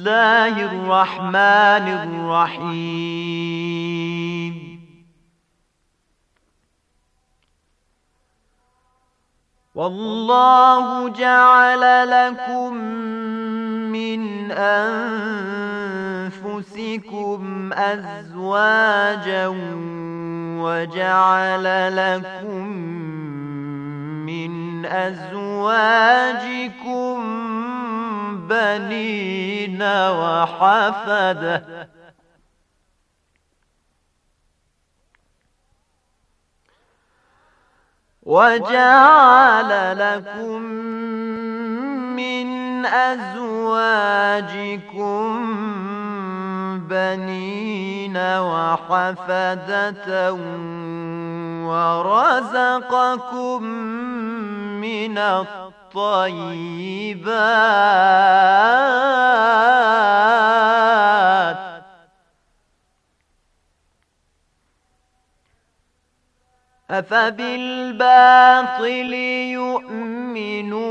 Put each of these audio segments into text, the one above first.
الله الرحمن الرحيم والله جعل لكم من أنفسكم أزواجا وجعل لكم من أزواجكم بنين وحفدة وجعل لكم من أزواجكم بنين وحفدة ورزقكم من الطيب الطيبات أفبالباطل يؤمنون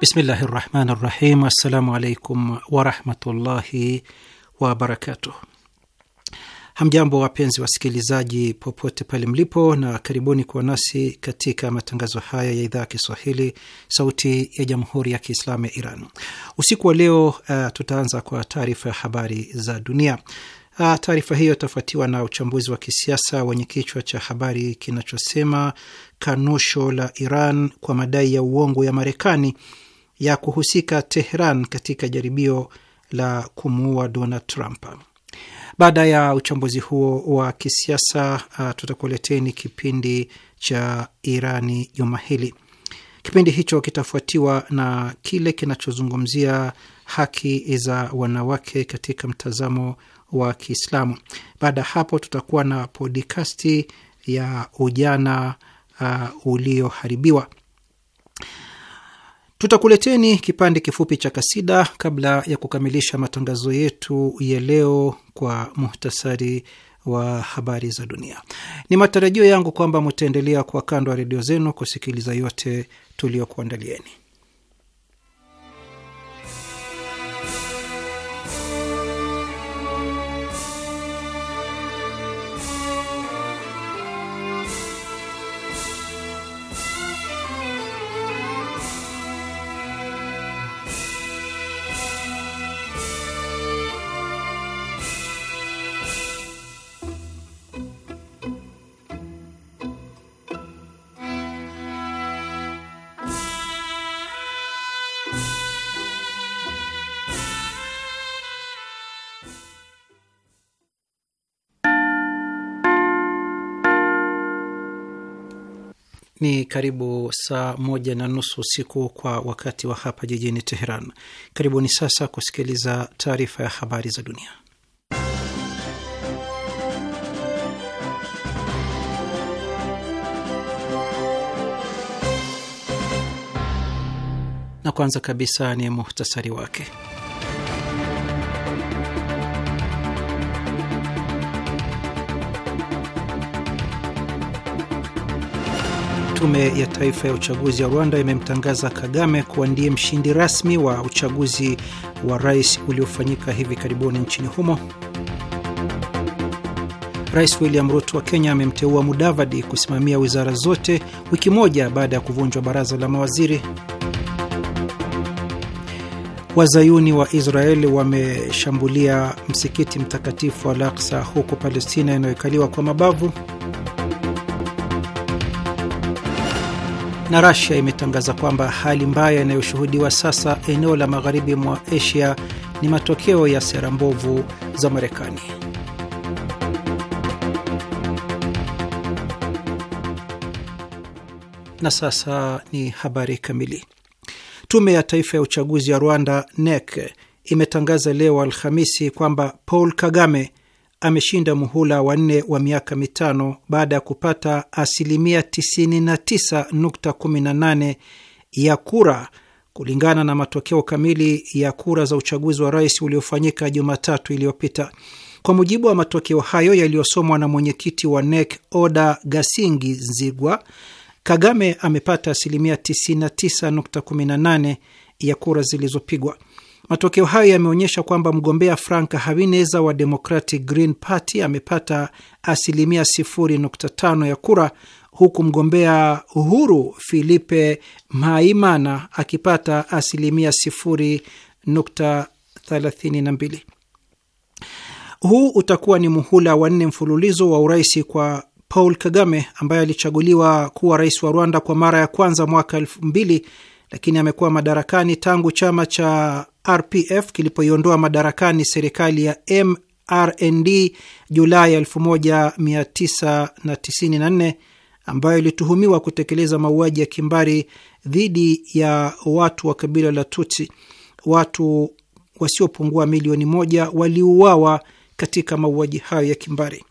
Bismillahi rahmani rahim. Assalamu alaikum warahmatullahi wabarakatuh. Hamjambo wapenzi wasikilizaji, popote pale mlipo, na karibuni kuwa nasi katika matangazo haya ya idhaa ya Kiswahili, Sauti ya Jamhuri ya Kiislamu ya Iran. Usiku wa leo uh, tutaanza kwa taarifa ya habari za dunia. Uh, taarifa hiyo itafuatiwa na uchambuzi wa kisiasa wenye kichwa cha habari kinachosema kanusho la Iran kwa madai ya uongo ya Marekani ya kuhusika Tehran katika jaribio la kumuua Donald Trump. Baada ya uchambuzi huo wa kisiasa uh, tutakuleteni kipindi cha Irani juma hili. Kipindi hicho kitafuatiwa na kile kinachozungumzia haki za wanawake katika mtazamo wa Kiislamu. Baada ya hapo, tutakuwa na podikasti ya ujana uh, ulioharibiwa. Tutakuleteni kipande kifupi cha kasida kabla ya kukamilisha matangazo yetu ya leo kwa muhtasari wa habari za dunia. Ni matarajio yangu kwamba mutaendelea kwa kando ya redio zenu kusikiliza yote tuliyokuandalieni. Ni karibu saa moja na nusu usiku kwa wakati wa hapa jijini Teheran. Karibuni sasa kusikiliza taarifa ya habari za dunia, na kwanza kabisa ni muhtasari wake. Tume ya Taifa ya Uchaguzi ya Rwanda imemtangaza Kagame kuwa ndiye mshindi rasmi wa uchaguzi wa rais uliofanyika hivi karibuni nchini humo. Rais William Ruto wa Kenya amemteua Mudavadi kusimamia wizara zote wiki moja baada ya kuvunjwa baraza la mawaziri. Wazayuni wa Israeli wameshambulia msikiti mtakatifu wa Al-Aqsa huko Palestina inayokaliwa kwa mabavu. na Rasia imetangaza kwamba hali mbaya inayoshuhudiwa sasa eneo la magharibi mwa Asia ni matokeo ya sera mbovu za Marekani. Na sasa ni habari kamili. Tume ya Taifa ya Uchaguzi ya Rwanda, NEC, imetangaza leo Alhamisi kwamba Paul Kagame ameshinda muhula wa nne wa miaka mitano baada ya kupata asilimia 99.18 ya kura kulingana na matokeo kamili ya kura za uchaguzi wa rais uliofanyika Jumatatu iliyopita. Kwa mujibu wa matokeo hayo yaliyosomwa na mwenyekiti wa NEC Oda Gasingi Nzigwa, Kagame amepata asilimia 99.18 ya kura zilizopigwa. Matokeo hayo yameonyesha kwamba mgombea Frank Habineza wa Democratic Green Party amepata asilimia 0.5 ya kura huku mgombea Uhuru Filipe Maimana akipata asilimia 0.32. Huu utakuwa ni muhula wa nne mfululizo wa urais kwa Paul Kagame ambaye alichaguliwa kuwa rais wa Rwanda kwa mara ya kwanza mwaka elfu mbili lakini amekuwa madarakani tangu chama cha RPF kilipoiondoa madarakani serikali ya MRND Julai 1994 ambayo ilituhumiwa kutekeleza mauaji ya kimbari dhidi ya watu wa kabila la Tutsi. Watu wasiopungua milioni moja waliuawa katika mauaji hayo ya kimbari.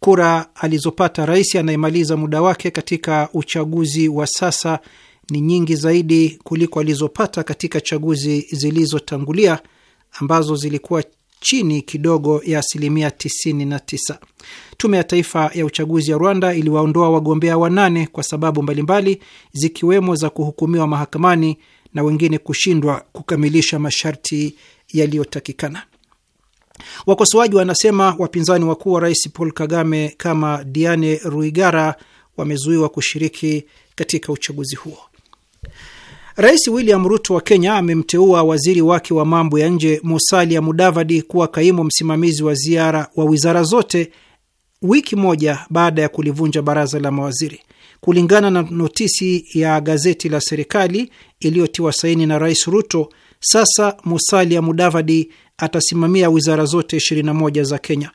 Kura alizopata rais anayemaliza muda wake katika uchaguzi wa sasa ni nyingi zaidi kuliko alizopata katika chaguzi zilizotangulia ambazo zilikuwa chini kidogo ya asilimia 99. Tume ya Taifa ya Uchaguzi ya Rwanda iliwaondoa wagombea wanane kwa sababu mbalimbali zikiwemo za kuhukumiwa mahakamani na wengine kushindwa kukamilisha masharti yaliyotakikana. Wakosoaji wanasema wapinzani wakuu wa rais Paul Kagame kama Diane Ruigara wamezuiwa kushiriki katika uchaguzi huo. Rais William Ruto wa Kenya amemteua waziri wake wa mambo ya nje Musalia Mudavadi kuwa kaimu msimamizi wa ziara wa wizara zote wiki moja baada ya kulivunja baraza la mawaziri. Kulingana na notisi ya gazeti la serikali iliyotiwa saini na Rais Ruto, sasa Musalia Mudavadi atasimamia wizara zote 21 za Kenya.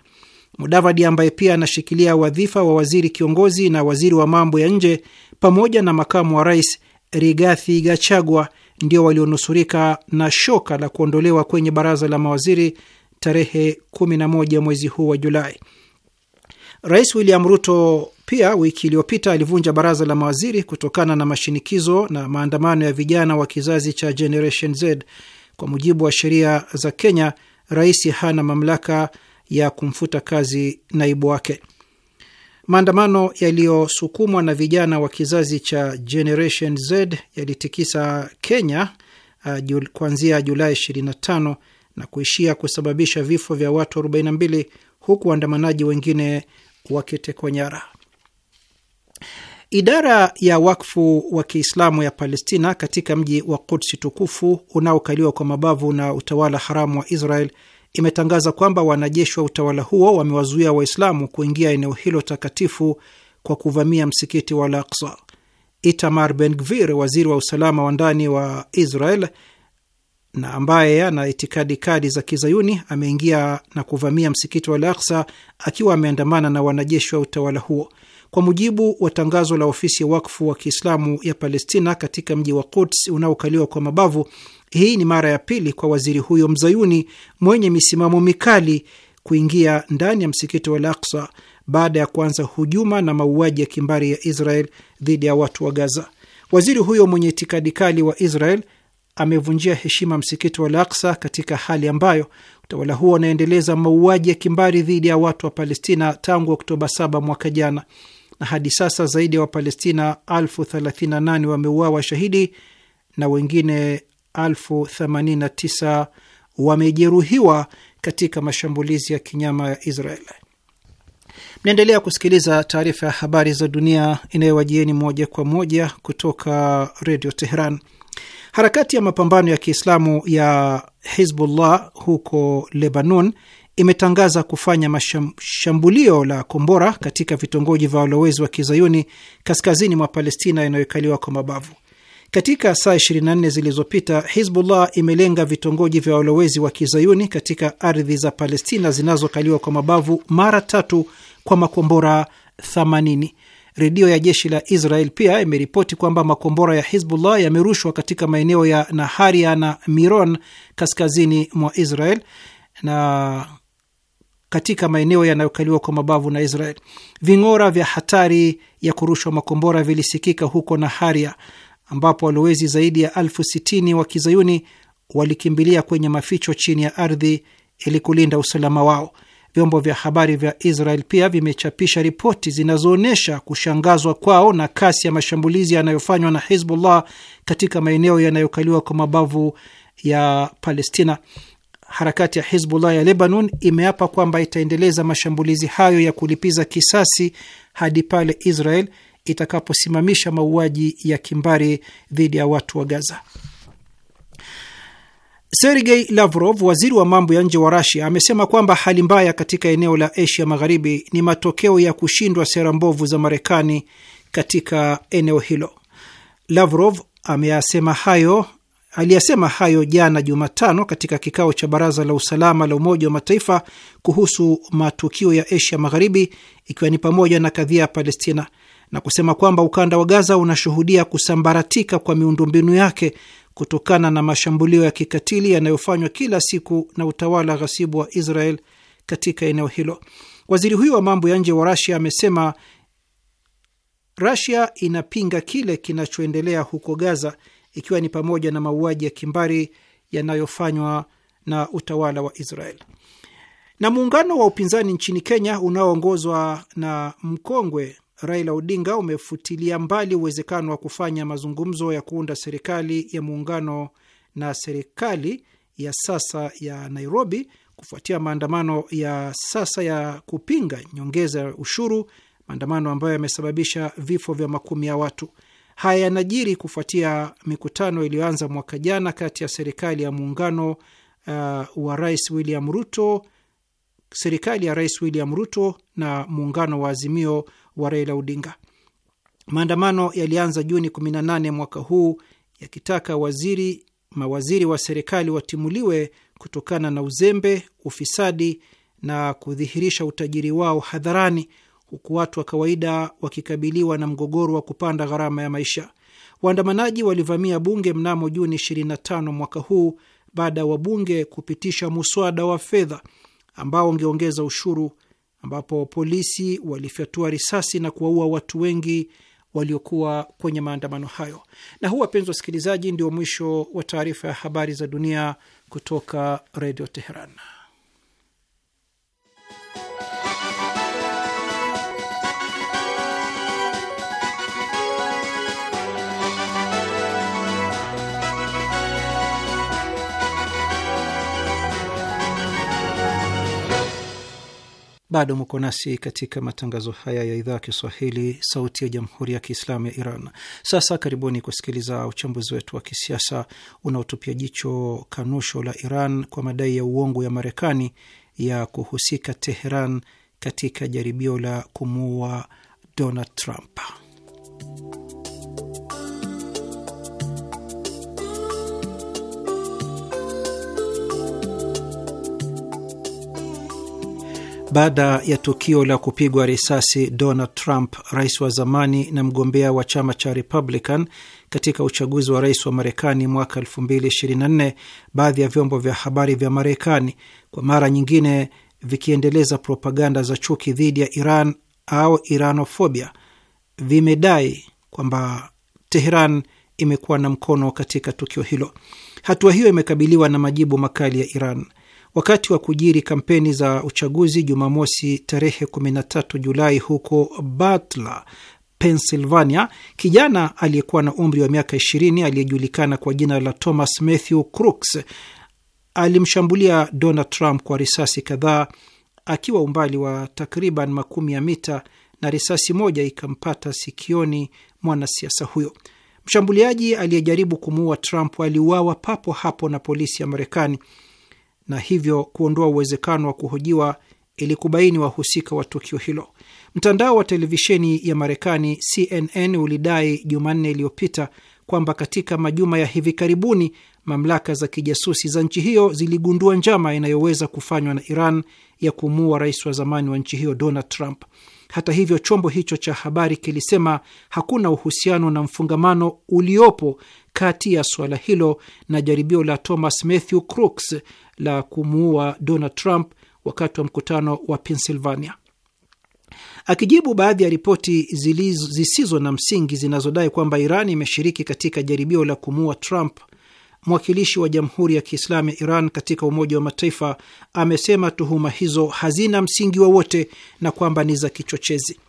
Mudavadi ambaye pia anashikilia wadhifa wa waziri kiongozi na waziri wa mambo ya nje pamoja na makamu wa rais Rigathi Gachagua ndio walionusurika na shoka la kuondolewa kwenye baraza la mawaziri tarehe 11 mwezi huu wa Julai. Rais William Ruto pia wiki iliyopita alivunja baraza la mawaziri kutokana na mashinikizo na maandamano ya vijana wa kizazi cha Generation Z. Kwa mujibu wa sheria za Kenya, rais hana mamlaka ya kumfuta kazi naibu wake. Maandamano yaliyosukumwa na vijana wa kizazi cha Generation Z yalitikisa Kenya uh, kuanzia Julai 25 na kuishia kusababisha vifo vya watu 42 huku waandamanaji wengine wakitekwa nyara. Idara ya wakfu wa Kiislamu ya Palestina katika mji wa Kudsi tukufu unaokaliwa kwa mabavu na utawala haramu wa Israel imetangaza kwamba wanajeshi wa utawala huo wamewazuia Waislamu kuingia eneo hilo takatifu kwa kuvamia msikiti wa Al-Aqsa. Itamar Ben-Gvir, waziri wa usalama wa ndani wa Israel na ambaye ana itikadi kali za Kizayuni, ameingia na kuvamia msikiti wa Al-Aqsa akiwa ameandamana na wanajeshi wa utawala huo. Kwa mujibu wa tangazo la ofisi ya wakfu wa Kiislamu ya Palestina katika mji wa Quds unaokaliwa kwa mabavu, hii ni mara ya pili kwa waziri huyo mzayuni mwenye misimamo mikali kuingia ndani ya msikiti wa Al-Aqsa baada ya kuanza hujuma na mauaji ya kimbari ya Israel dhidi ya watu wa Gaza. Waziri huyo mwenye itikadi kali wa Israel amevunjia heshima msikiti wa Al-Aqsa katika hali ambayo utawala huo unaendeleza mauaji ya kimbari dhidi ya watu wa Palestina tangu Oktoba 7 mwaka jana, na hadi sasa zaidi ya Wapalestina 38 wameuawa shahidi na wengine 1089 wamejeruhiwa katika mashambulizi ya kinyama ya Israel. Mnaendelea kusikiliza taarifa ya habari za dunia inayowajieni moja kwa moja kutoka redio Teheran. Harakati ya mapambano ya Kiislamu ya Hizbullah huko Lebanon imetangaza kufanya mashambulio la kombora katika vitongoji vya walowezi wa kizayuni kaskazini mwa Palestina inayokaliwa kwa mabavu. Katika saa 24 zilizopita Hizbullah imelenga vitongoji vya walowezi wa kizayuni katika ardhi za Palestina zinazokaliwa kwa mabavu mara tatu kwa makombora 80. Redio ya jeshi la Israel pia imeripoti kwamba makombora ya Hizbullah yamerushwa katika maeneo ya Naharia na Miron kaskazini mwa Israel na katika maeneo yanayokaliwa kwa mabavu na Israel. Ving'ora vya hatari ya kurushwa makombora vilisikika huko Naharia ambapo walowezi zaidi ya elfu sitini wa kizayuni walikimbilia kwenye maficho chini ya ardhi ili kulinda usalama wao. Vyombo vya habari vya Israel pia vimechapisha ripoti zinazoonyesha kushangazwa kwao na kasi ya mashambulizi yanayofanywa na Hizbullah katika maeneo yanayokaliwa kwa mabavu ya Palestina. Harakati ya Hizbullah ya Lebanon imeapa kwamba itaendeleza mashambulizi hayo ya kulipiza kisasi hadi pale Israel itakaposimamisha mauaji ya kimbari dhidi ya watu wa Gaza. Sergei Lavrov, waziri wa mambo ya nje wa Rasia, amesema kwamba hali mbaya katika eneo la Asia Magharibi ni matokeo ya kushindwa sera mbovu za Marekani katika eneo hilo. Lavrov ameyasema hayo aliyasema hayo jana Jumatano katika kikao cha baraza la usalama la Umoja wa Mataifa kuhusu matukio ya Asia Magharibi, ikiwa ni pamoja na kadhia ya Palestina na kusema kwamba ukanda wa Gaza unashuhudia kusambaratika kwa miundombinu yake kutokana na mashambulio ya kikatili yanayofanywa kila siku na utawala ghasibu wa Israel katika eneo hilo. Waziri huyo wa mambo ya nje wa Rasia amesema Rasia inapinga kile kinachoendelea huko Gaza, ikiwa ni pamoja na mauaji ya kimbari yanayofanywa na utawala wa Israel. Na muungano wa upinzani nchini Kenya unaoongozwa na mkongwe Raila Odinga umefutilia mbali uwezekano wa kufanya mazungumzo ya kuunda serikali ya muungano na serikali ya sasa ya Nairobi kufuatia maandamano ya sasa ya kupinga nyongeza ya ushuru, maandamano ambayo yamesababisha vifo vya makumi ya watu. Haya yanajiri kufuatia mikutano iliyoanza mwaka jana kati ya serikali ya muungano uh, wa Rais William Ruto, serikali ya Rais William Ruto na muungano wa Azimio wa Raila Odinga. Maandamano yalianza Juni 18 mwaka huu yakitaka waziri, mawaziri wa serikali watimuliwe kutokana na uzembe, ufisadi na kudhihirisha utajiri wao hadharani, huku watu wa kawaida wakikabiliwa na mgogoro wa kupanda gharama ya maisha. Waandamanaji walivamia bunge mnamo Juni 25 mwaka huu baada ya wabunge kupitisha muswada wa fedha ambao ungeongeza ushuru ambapo polisi walifyatua risasi na kuwaua watu wengi waliokuwa kwenye maandamano hayo. Na huu, wapenzi wasikilizaji, ndio mwisho wa taarifa ya habari za dunia kutoka Redio Teheran. Bado mko nasi katika matangazo haya ya idhaa ya Kiswahili, sauti ya jamhuri ya kiislamu ya Iran. Sasa karibuni kusikiliza uchambuzi wetu wa kisiasa unaotupia jicho kanusho la Iran kwa madai ya uongo ya Marekani ya kuhusika Teheran katika jaribio la kumuua Donald Trump. Baada ya tukio la kupigwa risasi Donald Trump, rais wa zamani na mgombea wa chama cha Republican katika uchaguzi wa rais wa Marekani mwaka 2024, baadhi ya vyombo vya habari vya Marekani kwa mara nyingine vikiendeleza propaganda za chuki dhidi ya Iran au Iranofobia vimedai kwamba Teheran imekuwa na mkono katika tukio hilo. Hatua hiyo imekabiliwa na majibu makali ya Iran. Wakati wa kujiri kampeni za uchaguzi Jumamosi tarehe 13 Julai huko Butler, Pennsylvania, kijana aliyekuwa na umri wa miaka 20 aliyejulikana kwa jina la Thomas Matthew Crooks alimshambulia Donald Trump kwa risasi kadhaa akiwa umbali wa takriban makumi ya mita, na risasi moja ikampata sikioni mwanasiasa huyo. Mshambuliaji aliyejaribu kumuua Trump aliuawa papo hapo na polisi ya Marekani na hivyo kuondoa uwezekano wa kuhojiwa ili kubaini wahusika wa tukio hilo. Mtandao wa televisheni ya Marekani CNN ulidai Jumanne iliyopita kwamba katika majuma ya hivi karibuni mamlaka za kijasusi za nchi hiyo ziligundua njama inayoweza kufanywa na Iran ya kumuua rais wa zamani wa nchi hiyo Donald Trump. Hata hivyo, chombo hicho cha habari kilisema hakuna uhusiano na mfungamano uliopo kati ya suala hilo na jaribio la Thomas Matthew Crooks, la kumuua Donald Trump wakati wa mkutano wa Pennsylvania. Akijibu baadhi ya ripoti zisizo na msingi zinazodai kwamba Iran imeshiriki katika jaribio la kumuua Trump, mwakilishi wa Jamhuri ya Kiislamu ya Iran katika Umoja wa Mataifa amesema tuhuma hizo hazina msingi wowote na kwamba ni za kichochezi.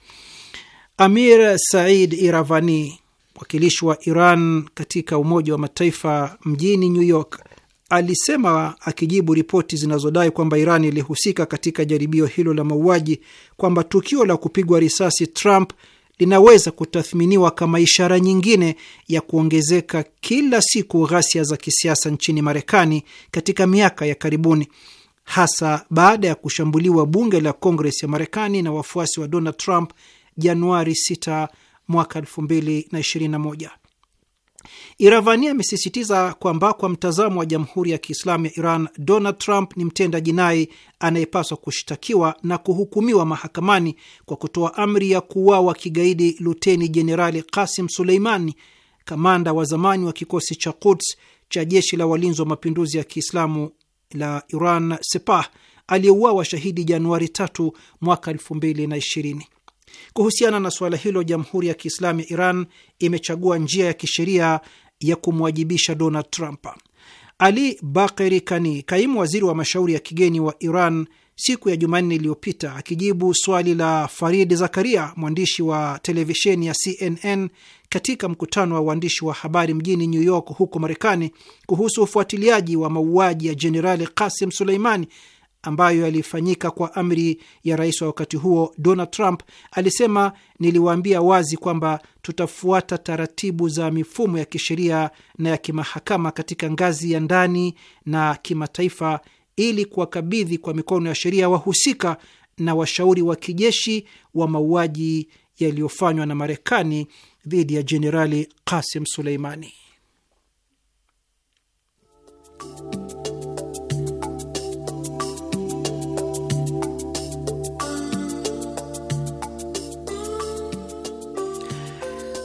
Amir Said Iravani, mwakilishi wa Iran katika Umoja wa Mataifa mjini New York, alisema akijibu ripoti zinazodai kwamba Iran ilihusika katika jaribio hilo la mauaji kwamba tukio la kupigwa risasi Trump linaweza kutathminiwa kama ishara nyingine ya kuongezeka kila siku ghasia za kisiasa nchini Marekani katika miaka ya karibuni, hasa baada ya kushambuliwa bunge la Kongres ya Marekani na wafuasi wa Donald Trump Januari 6 mwaka 2021. Iravani amesisitiza kwamba kwa mtazamo wa Jamhuri ya Kiislamu ya Iran, Donald Trump ni mtenda jinai anayepaswa kushtakiwa na kuhukumiwa mahakamani kwa kutoa amri ya kuuawa kigaidi Luteni Jenerali Kasim Suleimani, kamanda wa zamani wa kikosi cha Quds cha jeshi la walinzi wa mapinduzi ya Kiislamu la Iran Sepah, aliyeuawa shahidi Januari 3 mwaka 2020. Kuhusiana na suala hilo, Jamhuri ya Kiislamu ya Iran imechagua njia ya kisheria ya kumwajibisha Donald Trump. Ali Bakeri Kani, kaimu waziri wa mashauri ya kigeni wa Iran, siku ya Jumanne iliyopita akijibu swali la Farid Zakaria, mwandishi wa televisheni ya CNN katika mkutano wa waandishi wa habari mjini New York huko Marekani, kuhusu ufuatiliaji wa mauaji ya Jenerali Kasim Suleimani ambayo yalifanyika kwa amri ya rais wa wakati huo Donald Trump, alisema niliwaambia wazi kwamba tutafuata taratibu za mifumo ya kisheria na ya kimahakama katika ngazi ya ndani na kimataifa ili kuwakabidhi kwa mikono ya sheria wahusika na washauri wa kijeshi wa mauaji yaliyofanywa na Marekani dhidi ya Jenerali Kasim Suleimani.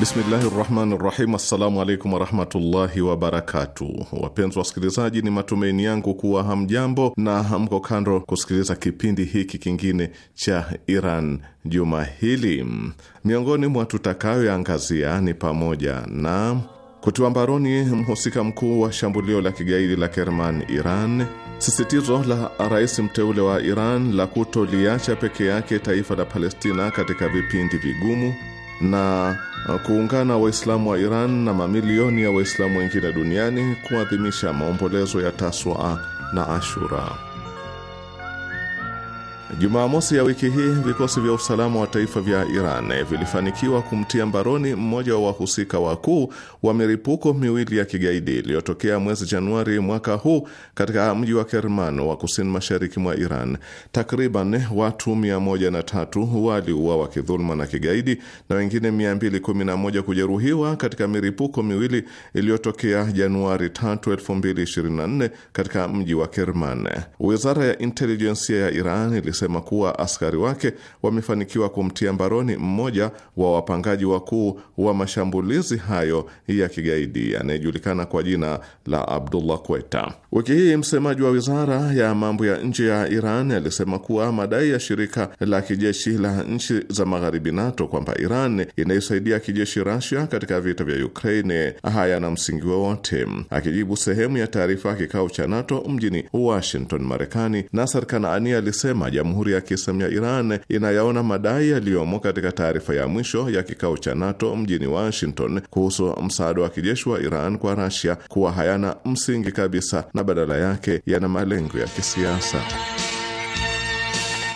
Bismillahi rahmani rahim. Assalamu alaikum warahmatullahi wabarakatu. Wapenzi wasikilizaji, ni matumaini yangu kuwa hamjambo na mko kando kusikiliza kipindi hiki kingine cha Iran juma hili. Miongoni mwa tutakayoangazia ni pamoja na kutiwa mbaroni mhusika mkuu wa shambulio la kigaidi la Kerman, Iran, sisitizo la rais mteule wa Iran la kutoliacha peke yake taifa la Palestina katika vipindi vigumu na uh, kuungana Waislamu wa Iran na mamilioni ya Waislamu wengine duniani kuadhimisha maombolezo ya taswa na Ashura. Jumamosi ya wiki hii vikosi vya usalama wa taifa vya Iran vilifanikiwa kumtia mbaroni mmoja wa wahusika wakuu wa milipuko miwili ya kigaidi iliyotokea mwezi Januari mwaka huu katika mji wa Kerman wa kusini mashariki mwa Iran. Takriban watu 103 waliuawa wa kidhuluma na kigaidi na wengine 211 kujeruhiwa katika milipuko miwili iliyotokea Januari 3, 2024 katika mji wa Kerman. Wizara ya intelijensia ya Iran likisema kuwa askari wake wamefanikiwa kumtia mbaroni mmoja wa wapangaji wakuu wa mashambulizi hayo ya kigaidi anayejulikana kwa jina la Abdullah Kweta. Wiki hii msemaji wa wizara ya mambo ya nje ya Iran alisema kuwa madai ya shirika la kijeshi la nchi za magharibi NATO kwamba Iran inaisaidia kijeshi rasia katika vita vya Ukraine hayana msingi wowote. Akijibu sehemu ya taarifa ya kikao cha NATO mjini Washington, Marekani, Nasser Kanaani alisema Jamhuri ya Kiislamu ya Iran inayaona madai yaliyomo katika taarifa ya mwisho ya kikao cha NATO mjini Washington kuhusu msaada wa kijeshi wa Iran kwa Russia kuwa hayana msingi kabisa na badala yake yana malengo ya kisiasa.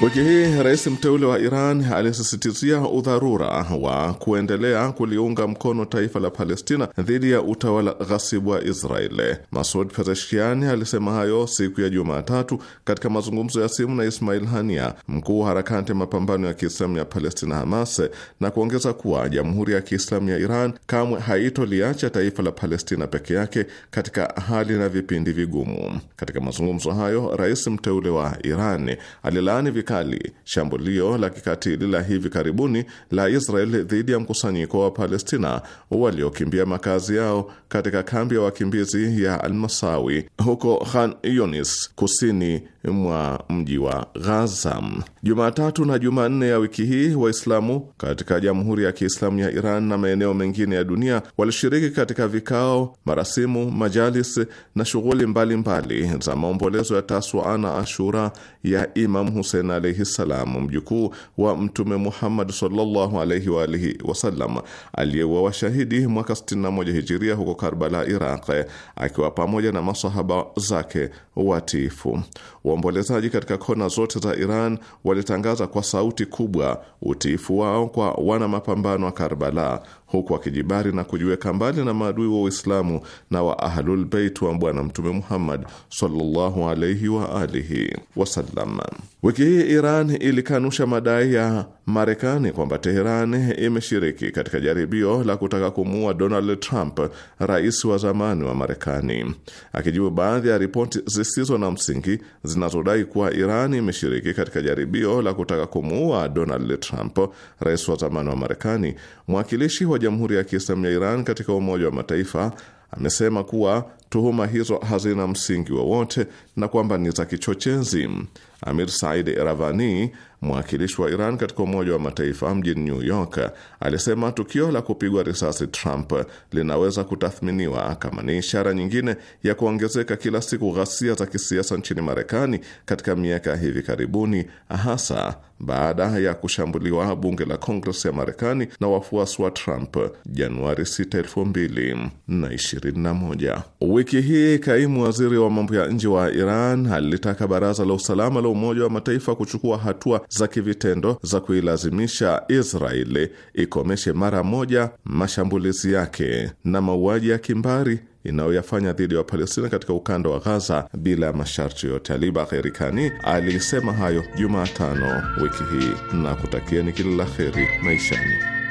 Wiki hii rais mteule wa Iran alisisitizia udharura wa kuendelea kuliunga mkono taifa la Palestina dhidi ya utawala ghasibu wa Israeli. Masud Pezeshkiani alisema hayo siku ya Jumatatu katika mazungumzo ya simu na Ismail Hania, mkuu wa harakati mapambano ya Kiislamu ya Palestina, Hamas, na kuongeza kuwa jamhuri ya Kiislamu ya Iran kamwe haitoliacha taifa la Palestina peke yake katika hali na vipindi vigumu. Katika mazungumzo hayo, rais mteule wa Iran alilaani vikali shambulio la kikatili la hivi karibuni la Israel dhidi ya mkusanyiko wa Palestina waliokimbia makazi yao katika kambi ya wakimbizi ya Almasawi huko Khan Yunis kusini mwa mji wa Ghaza. Jumatatu na Jumanne ya wiki hii Waislamu katika Jamhuri ya Kiislamu ya Iran na maeneo mengine ya dunia walishiriki katika vikao, marasimu, majalis na shughuli mbalimbali za maombolezo ya Taswa na Ashura ya Imam Husein alaihi ssalam, mjukuu wa Mtume Muhammad sallallahu alaihi wa alihi wasallam aliyeuawa shahidi mwaka 61 hijiria huko Karbala, Iraq, akiwa pamoja na masahaba zake watiifu waombolezaji katika kona zote za Iran walitangaza kwa sauti kubwa utiifu wao kwa wana mapambano wa Karbala huku akijibari na kujiweka mbali na maadui wa Uislamu na wa Ahlulbeit wa Bwana Mtume Muhammad sallallahu alaihi wa alihi wasallam. Wiki hii Iran ilikanusha madai ya Marekani kwamba Teheran imeshiriki katika jaribio la kutaka kumuua Donald Trump, rais wa zamani wa Marekani, akijibu baadhi ya ripoti zisizo na msingi zinazodai kuwa Iran imeshiriki katika jaribio la kutaka kumuua Donald Trump, rais wa zamani wa Marekani. Mwakilishi wa Jamhuri ya Kiislamu ya Iran katika Umoja wa Mataifa amesema kuwa tuhuma hizo hazina msingi wowote na kwamba ni za kichochezi. Amir Said Eravani Mwakilishi wa Iran katika Umoja wa Mataifa mjini New York alisema tukio la kupigwa risasi Trump linaweza kutathminiwa kama ni ishara nyingine ya kuongezeka kila siku ghasia za kisiasa nchini Marekani katika miaka ya hivi karibuni, hasa baada ya kushambuliwa bunge la Kongres ya Marekani na wafuasi wa Trump Januari 6, 2021. Wiki hii kaimu waziri wa mambo ya nje wa Iran alitaka Baraza la Usalama la Umoja wa Mataifa kuchukua hatua za kivitendo za kuilazimisha Israeli ikomeshe mara moja mashambulizi yake na mauaji ya kimbari inayoyafanya dhidi ya Wapalestina katika ukanda wa Ghaza bila ya masharti yote. Ali Bagheri Kani alisema hayo Jumatano wiki hii na kutakieni kila la heri maishani.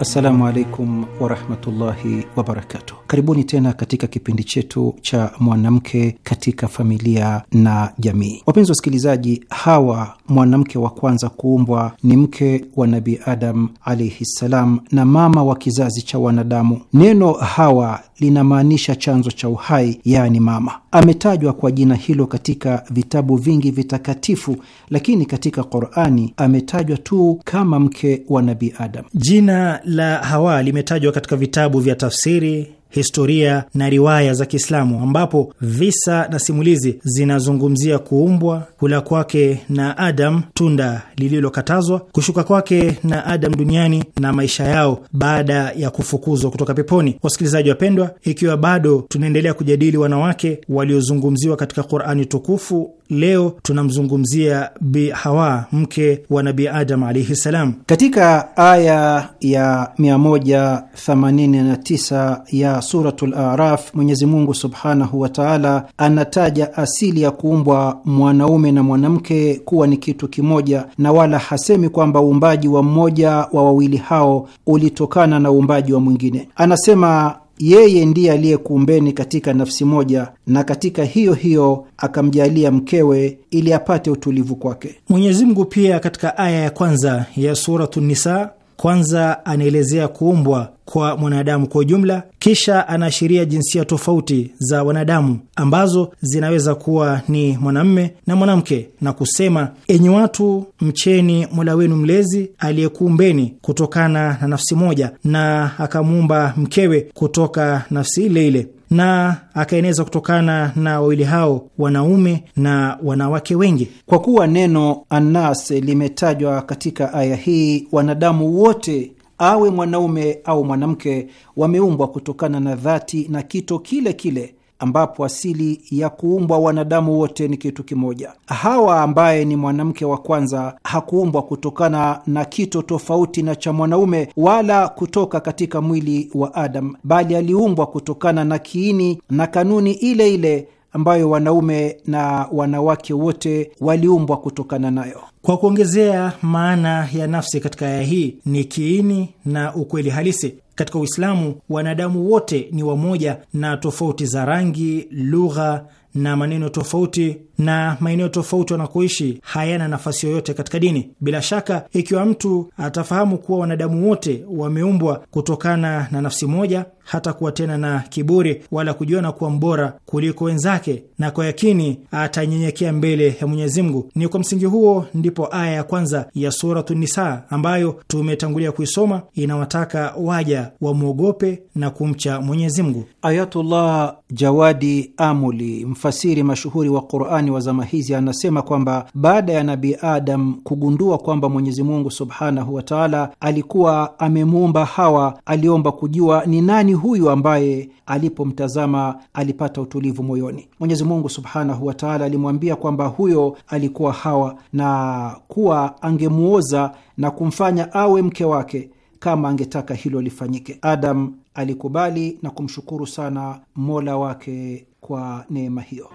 Assalamu alaikum warahmatullahi wabarakatu Karibuni tena katika kipindi chetu cha mwanamke katika familia na jamii. Wapenzi wasikilizaji, Hawa mwanamke wa kwanza kuumbwa ni mke wa Nabi Adam alaihi ssalam, na mama wa kizazi cha wanadamu. Neno Hawa linamaanisha chanzo cha uhai, yaani mama. Ametajwa kwa jina hilo katika vitabu vingi vitakatifu, lakini katika Qurani ametajwa tu kama mke wa Nabi Adam. Jina la Hawa limetajwa katika vitabu vya tafsiri, historia na riwaya za Kiislamu, ambapo visa na simulizi zinazungumzia kuumbwa, kula kwake na Adam, tunda lililokatazwa, kushuka kwake na Adam duniani na maisha yao baada ya kufukuzwa kutoka peponi. Wasikilizaji wapendwa, ikiwa bado tunaendelea kujadili wanawake waliozungumziwa katika Qur'ani tukufu leo tunamzungumzia Bi Hawa, mke wa Nabi Adam alaihi ssalam. Katika aya ya 189 ya Suratul Araf, Mwenyezi Mungu subhanahu wataala anataja asili ya kuumbwa mwanaume na mwanamke kuwa ni kitu kimoja, na wala hasemi kwamba uumbaji wa mmoja wa wawili hao ulitokana na uumbaji wa mwingine. Anasema yeye ndiye aliyekuumbeni katika nafsi moja na katika hiyo hiyo akamjalia mkewe ili apate utulivu kwake. Mwenyezi Mungu pia katika aya ya kwanza ya Suratu Nisa kwanza anaelezea kuumbwa kwa mwanadamu kwa ujumla, kisha anaashiria jinsia tofauti za wanadamu ambazo zinaweza kuwa ni mwanamme na mwanamke, na kusema, enyi watu, mcheni Mola wenu mlezi aliyekuumbeni kutokana na nafsi moja, na akamuumba mkewe kutoka nafsi ile ile na akaenezwa kutokana na wawili hao wanaume na wanawake wengi. Kwa kuwa neno anas limetajwa katika aya hii, wanadamu wote awe mwanaume au mwanamke wameumbwa kutokana na dhati na kito kile kile ambapo asili ya kuumbwa wanadamu wote ni kitu kimoja. Hawa ambaye ni mwanamke wa kwanza hakuumbwa kutokana na kito tofauti na cha mwanaume wala kutoka katika mwili wa Adam, bali aliumbwa kutokana na kiini na kanuni ile ile ambayo wanaume na wanawake wote waliumbwa kutokana nayo. Kwa kuongezea, maana ya nafsi katika aya hii ni kiini na ukweli halisi. Katika Uislamu wanadamu wote ni wamoja na tofauti za rangi, lugha na maneno tofauti na maeneo tofauti wanakoishi hayana nafasi yoyote katika dini. Bila shaka, ikiwa mtu atafahamu kuwa wanadamu wote wameumbwa kutokana na nafsi moja, hata kuwa tena na kiburi wala kujiona kuwa mbora kuliko wenzake, na kwa yakini atanyenyekea mbele ya Mwenyezi Mungu. Ni kwa msingi huo ndipo aya ya kwanza ya Suratu Nisaa ambayo tumetangulia kuisoma inawataka waja wamwogope na kumcha Mwenyezi Mungu. Ayatullah Jawadi Amuli mfa mfasiri mashuhuri wa Qurani wa zama hizi anasema kwamba baada ya Nabii Adam kugundua kwamba Mwenyezi Mungu subhanahu wa taala alikuwa amemuumba Hawa, aliomba kujua ni nani huyu ambaye alipomtazama alipata utulivu moyoni. Mwenyezi Mungu subhanahu wa taala alimwambia kwamba huyo alikuwa Hawa na kuwa angemuoza na kumfanya awe mke wake kama angetaka hilo lifanyike. Adam alikubali na kumshukuru sana mola wake kwa neema hiyo.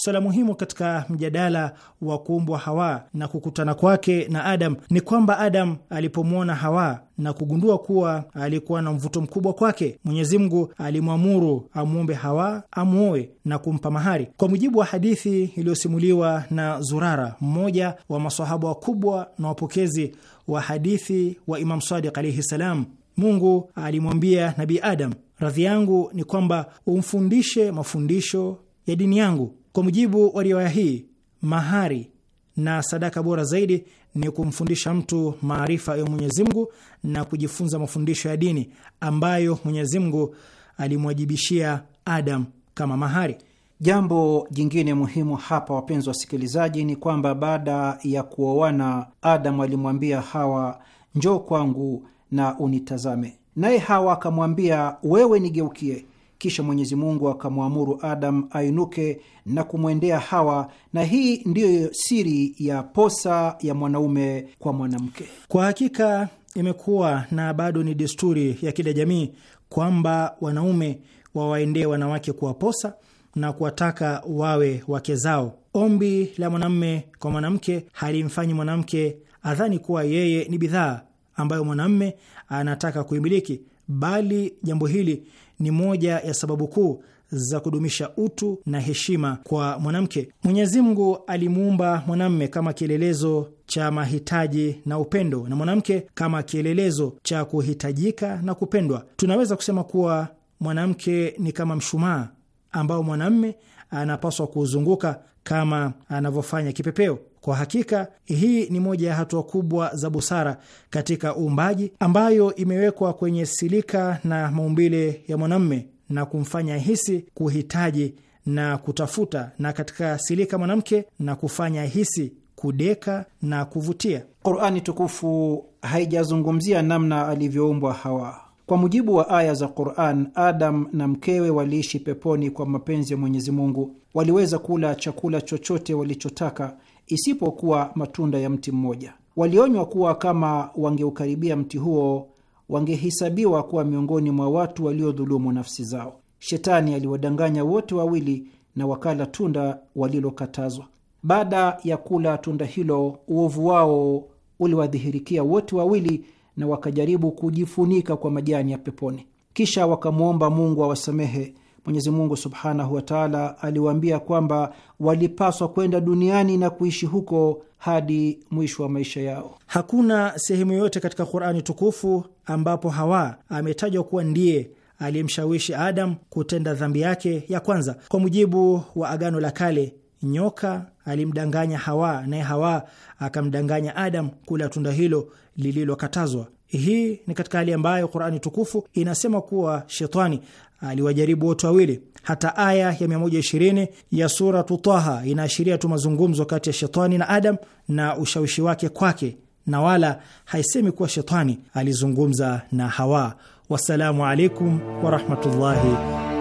swala muhimu katika mjadala wa kuumbwa Hawa na kukutana kwake na Adam ni kwamba Adam alipomwona Hawa na kugundua kuwa alikuwa na mvuto mkubwa kwake, Mwenyezi Mungu alimwamuru amwombe Hawa amwoe na kumpa mahari. Kwa mujibu wa hadithi iliyosimuliwa na Zurara, mmoja wa masahaba wakubwa na wapokezi wa hadithi wa Imam Sadiq alaihi ssalam, Mungu alimwambia Nabii Adam, radhi yangu ni kwamba umfundishe mafundisho ya dini yangu. Kwa mujibu wa riwaya hii, mahari na sadaka bora zaidi ni kumfundisha mtu maarifa ya Mwenyezi Mungu na kujifunza mafundisho ya dini ambayo Mwenyezi Mungu alimwajibishia Adam kama mahari. Jambo jingine muhimu hapa, wapenzi wasikilizaji, ni kwamba baada ya kuoana, Adamu alimwambia Hawa, njoo kwangu na unitazame, naye Hawa akamwambia wewe nigeukie. Kisha Mwenyezi Mungu akamwamuru Adamu ainuke na kumwendea Hawa, na hii ndiyo siri ya posa ya mwanaume kwa mwanamke. Kwa hakika imekuwa na bado ni desturi ya kila jamii kwamba wanaume wawaendee wanawake kuwaposa na kuwataka wawe wake zao. Ombi la mwanamme kwa mwanamke halimfanyi mwanamke adhani kuwa yeye ni bidhaa ambayo mwanamme anataka kuimiliki, bali jambo hili ni moja ya sababu kuu za kudumisha utu na heshima kwa mwanamke. Mwenyezi Mungu alimuumba mwanamme kama kielelezo cha mahitaji na upendo, na mwanamke kama kielelezo cha kuhitajika na kupendwa. Tunaweza kusema kuwa mwanamke ni kama mshumaa ambao mwanamme anapaswa kuuzunguka kama anavyofanya kipepeo. Kwa hakika hii ni moja ya hatua kubwa za busara katika uumbaji ambayo imewekwa kwenye silika na maumbile ya mwanamme na kumfanya hisi kuhitaji na kutafuta, na katika silika mwanamke na kufanya hisi kudeka na kuvutia. Qurani tukufu haijazungumzia namna alivyoumbwa Hawa kwa mujibu wa aya za Quran, Adam na mkewe waliishi peponi kwa mapenzi ya Mwenyezi Mungu. Waliweza kula chakula chochote walichotaka isipokuwa matunda ya mti mmoja. Walionywa kuwa kama wangeukaribia mti huo wangehesabiwa kuwa miongoni mwa watu waliodhulumu nafsi zao. Shetani aliwadanganya wote wawili na wakala tunda walilokatazwa. Baada ya kula tunda hilo, uovu wao uliwadhihirikia wote wawili na wakajaribu kujifunika kwa majani ya peponi, kisha wakamwomba Mungu awasamehe wa Mwenyezi Mungu subhanahu wa taala aliwaambia kwamba walipaswa kwenda duniani na kuishi huko hadi mwisho wa maisha yao. Hakuna sehemu yoyote katika Qurani tukufu ambapo Hawa ametajwa kuwa ndiye aliyemshawishi Adam kutenda dhambi yake ya kwanza. Kwa mujibu wa Agano la Kale, nyoka alimdanganya Hawa, naye Hawa akamdanganya Adam kula tunda hilo lililokatazwa. Hii ni katika hali ambayo Qurani tukufu inasema kuwa shetani aliwajaribu wote wawili. Hata aya ya 120 ya Suratu Taha inaashiria tu mazungumzo kati ya shetani na Adam na ushawishi wake kwake, na wala haisemi kuwa shetani alizungumza na Hawa. Wassalamu alaikum warahmatullahi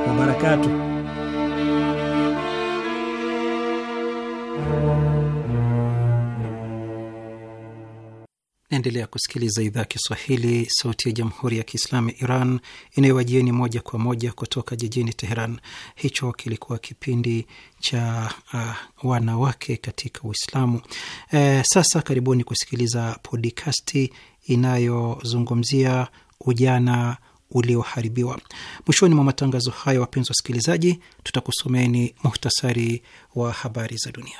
wabarakatuh. Mnaendelea kusikiliza idhaa ya Kiswahili, sauti ya jamhuri ya kiislamu ya Iran inayowajieni moja kwa moja kutoka jijini Teheran. Hicho kilikuwa kipindi cha uh, wanawake katika Uislamu. Eh, sasa karibuni kusikiliza podikasti inayozungumzia ujana ulioharibiwa. Mwishoni mwa matangazo haya, wapenzi wasikilizaji, tutakusomeni muhtasari wa habari za dunia.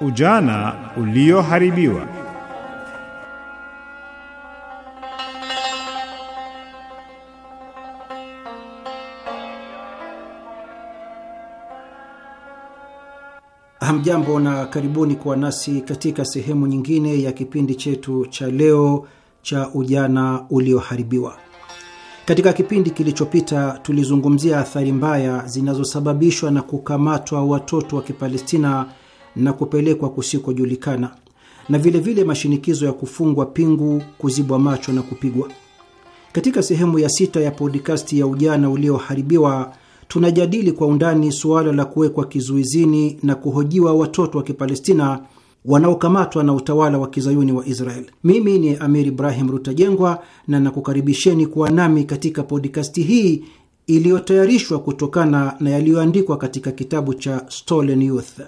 Ujana ulioharibiwa. Hamjambo na karibuni kuwa nasi katika sehemu nyingine ya kipindi chetu cha leo cha ujana ulioharibiwa. Katika kipindi kilichopita tulizungumzia athari mbaya zinazosababishwa na kukamatwa watoto wa Kipalestina na kupelekwa kusikojulikana, na vilevile vile mashinikizo ya kufungwa pingu, kuzibwa macho na kupigwa. Katika sehemu ya sita ya podkasti ya ujana ulioharibiwa tunajadili kwa undani suala la kuwekwa kizuizini na kuhojiwa watoto wa Kipalestina wanaokamatwa na utawala wa kizayuni wa Israel. Mimi ni Amir Ibrahim Rutajengwa na nakukaribisheni kuwa nami katika podkasti hii iliyotayarishwa kutokana na yaliyoandikwa katika kitabu cha Stolen Youth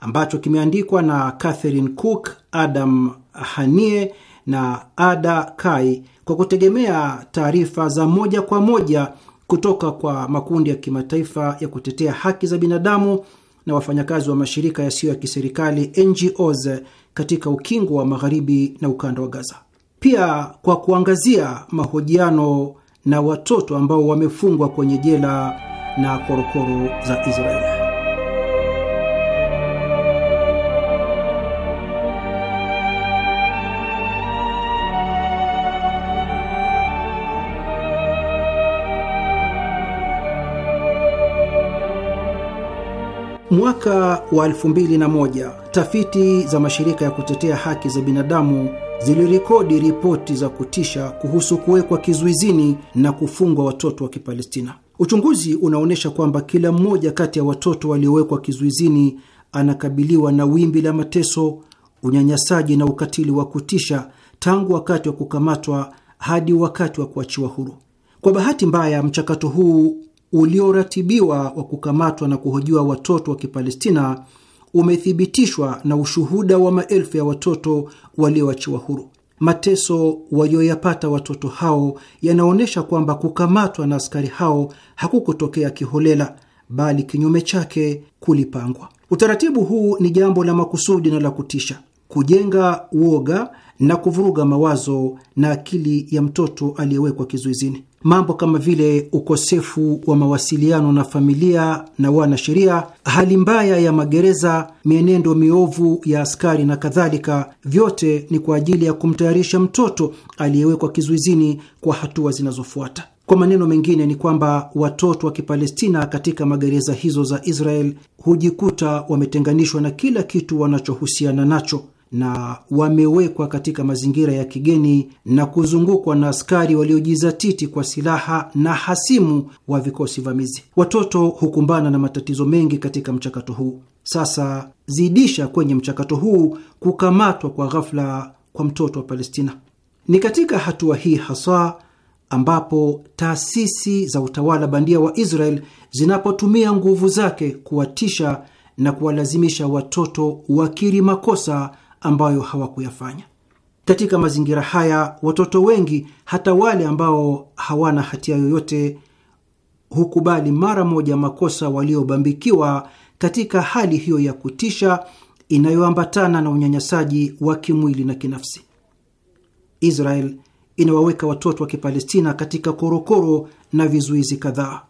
ambacho kimeandikwa na Catherine Cook, Adam Hanie na Ada Kai kwa kutegemea taarifa za moja kwa moja kutoka kwa makundi ya kimataifa ya kutetea haki za binadamu na wafanyakazi wa mashirika yasiyo ya kiserikali NGOs katika ukingo wa Magharibi na ukanda wa Gaza, pia kwa kuangazia mahojiano na watoto ambao wamefungwa kwenye jela na korokoro za Israeli. Mwaka wa 2001 tafiti za mashirika ya kutetea haki za binadamu zilirekodi ripoti za kutisha kuhusu kuwekwa kizuizini na kufungwa watoto wa Kipalestina. Uchunguzi unaonyesha kwamba kila mmoja kati ya watoto waliowekwa kizuizini anakabiliwa na wimbi la mateso, unyanyasaji na ukatili wa kutisha tangu wakati wa kukamatwa hadi wakati wa kuachiwa huru. Kwa bahati mbaya, mchakato huu ulioratibiwa wa kukamatwa na kuhojiwa watoto wa Kipalestina umethibitishwa na ushuhuda wa maelfu ya watoto walioachiwa huru. Mateso walioyapata watoto hao yanaonyesha kwamba kukamatwa na askari hao hakukutokea kiholela, bali kinyume chake kulipangwa. Utaratibu huu ni jambo la makusudi na la kutisha, kujenga uoga na kuvuruga mawazo na akili ya mtoto aliyewekwa kizuizini. Mambo kama vile ukosefu wa mawasiliano na familia na wanasheria, hali mbaya ya magereza, mienendo miovu ya askari na kadhalika, vyote ni kwa ajili ya kumtayarisha mtoto aliyewekwa kizuizini kwa hatua zinazofuata. Kwa maneno mengine ni kwamba watoto wa Kipalestina katika magereza hizo za Israel hujikuta wametenganishwa na kila kitu wanachohusiana nacho na wamewekwa katika mazingira ya kigeni na kuzungukwa na askari waliojizatiti kwa silaha na hasimu wa vikosi vamizi. Watoto hukumbana na matatizo mengi katika mchakato huu. Sasa zidisha kwenye mchakato huu kukamatwa kwa ghafla kwa mtoto wa Palestina. Ni katika hatua hii hasa ambapo taasisi za utawala bandia wa Israel zinapotumia nguvu zake kuwatisha na kuwalazimisha watoto wakiri makosa ambayo hawakuyafanya. Katika mazingira haya, watoto wengi, hata wale ambao hawana hatia yoyote, hukubali mara moja makosa waliobambikiwa katika hali hiyo ya kutisha inayoambatana na unyanyasaji wa kimwili na kinafsi. Israel inawaweka watoto wa Kipalestina katika korokoro na vizuizi kadhaa.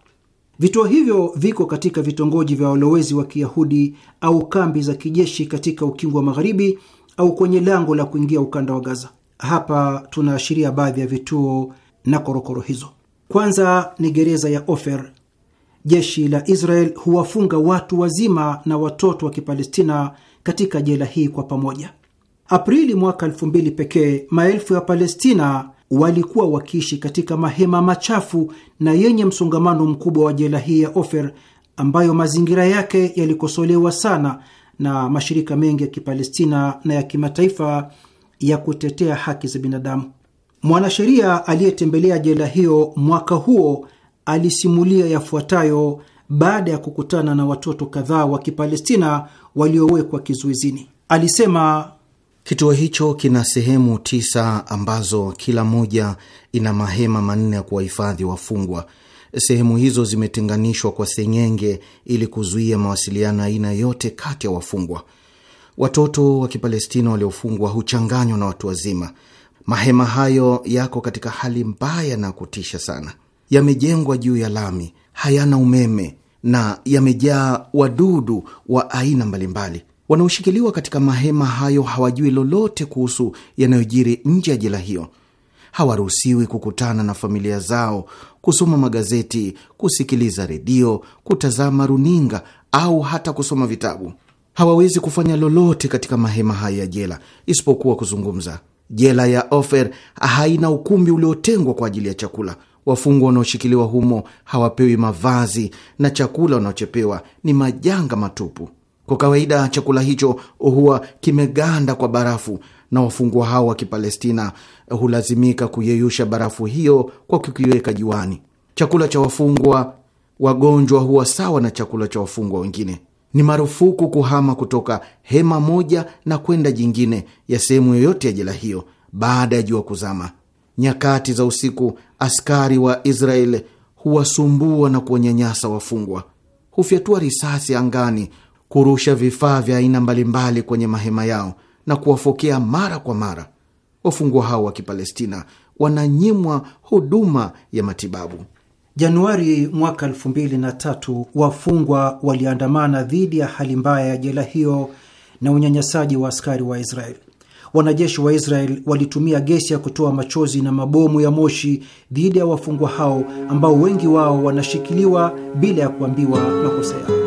Vituo hivyo viko katika vitongoji vya walowezi wa Kiyahudi au kambi za kijeshi katika Ukingo wa Magharibi au kwenye lango la kuingia ukanda wa Gaza. Hapa tunaashiria baadhi ya vituo na korokoro hizo. Kwanza ni gereza ya Ofer. Jeshi la Israel huwafunga watu wazima na watoto wa Kipalestina katika jela hii kwa pamoja. Aprili mwaka elfu mbili pekee, maelfu ya Palestina walikuwa wakiishi katika mahema machafu na yenye msongamano mkubwa wa jela hii ya Ofer, ambayo mazingira yake yalikosolewa sana na mashirika mengi ya Kipalestina na ya kimataifa ya kutetea haki za binadamu. Mwanasheria aliyetembelea jela hiyo mwaka huo alisimulia yafuatayo baada ya kukutana na watoto kadhaa wa Kipalestina waliowekwa kizuizini. Alisema kituo hicho kina sehemu tisa ambazo kila moja ina mahema manne ya kuwahifadhi wafungwa Sehemu hizo zimetenganishwa kwa sengenge ili kuzuia mawasiliano aina yote kati ya wafungwa. Watoto wa Kipalestina waliofungwa huchanganywa na watu wazima. Mahema hayo yako katika hali mbaya na kutisha sana, yamejengwa juu ya lami, hayana umeme na yamejaa wadudu wa aina mbalimbali. Wanaoshikiliwa katika mahema hayo hawajui lolote kuhusu yanayojiri nje ya jela hiyo, hawaruhusiwi kukutana na familia zao, kusoma magazeti, kusikiliza redio, kutazama runinga au hata kusoma vitabu. Hawawezi kufanya lolote katika mahema haya ya jela isipokuwa kuzungumza. Jela ya Ofer haina ukumbi uliotengwa kwa ajili ya chakula. Wafungwa wanaoshikiliwa humo hawapewi mavazi na chakula wanaochepewa ni majanga matupu. Kwa kawaida chakula hicho huwa kimeganda kwa barafu, na wafungwa hao wa Kipalestina hulazimika kuyeyusha barafu hiyo kwa kukiweka juani. Chakula cha wafungwa wagonjwa huwa sawa na chakula cha wafungwa wengine. Ni marufuku kuhama kutoka hema moja na kwenda jingine ya sehemu yoyote ya jela hiyo baada ya jua kuzama. Nyakati za usiku, askari wa israel huwasumbua na kuwanyanyasa wafungwa, hufyatua risasi angani, kurusha vifaa vya aina mbalimbali kwenye mahema yao na kuwafokea mara kwa mara wafungwa hao wa Kipalestina wananyimwa huduma ya matibabu. Januari mwaka elfu mbili na tatu wafungwa waliandamana dhidi ya hali mbaya ya jela hiyo na unyanyasaji wa askari wa Israel. Wanajeshi wa Israel walitumia gesi ya kutoa machozi na mabomu ya moshi dhidi ya wafungwa hao ambao wengi wao wanashikiliwa bila ya kuambiwa makosa yao.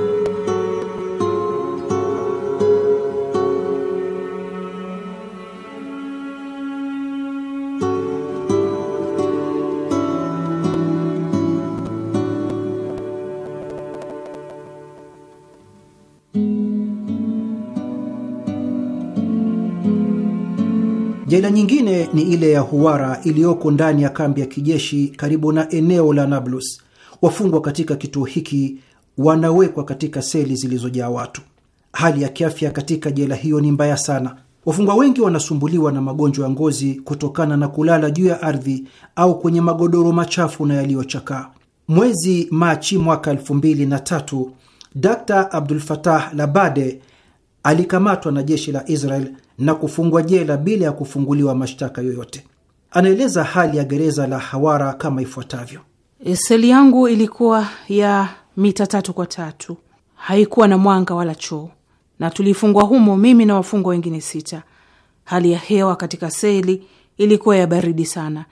Aina nyingine ni ile ya Huwara iliyoko ndani ya kambi ya kijeshi karibu na eneo la Nablus. Wafungwa katika kituo hiki wanawekwa katika seli zilizojaa watu. Hali ya kiafya katika jela hiyo ni mbaya sana. Wafungwa wengi wanasumbuliwa na magonjwa ya ngozi kutokana na kulala juu ya ardhi au kwenye magodoro machafu na yaliyochakaa. Mwezi Machi mwaka elfu mbili na tatu Abdul Fatah Labade alikamatwa na jeshi la Israel na kufungwa jela bila ya kufunguliwa mashtaka yoyote. Anaeleza hali ya gereza la Hawara kama ifuatavyo: e, seli yangu ilikuwa ya mita tatu kwa tatu, haikuwa na mwanga wala choo, na tulifungwa humo mimi na wafungwa wengine sita. Hali ya hewa katika seli ilikuwa ya baridi sana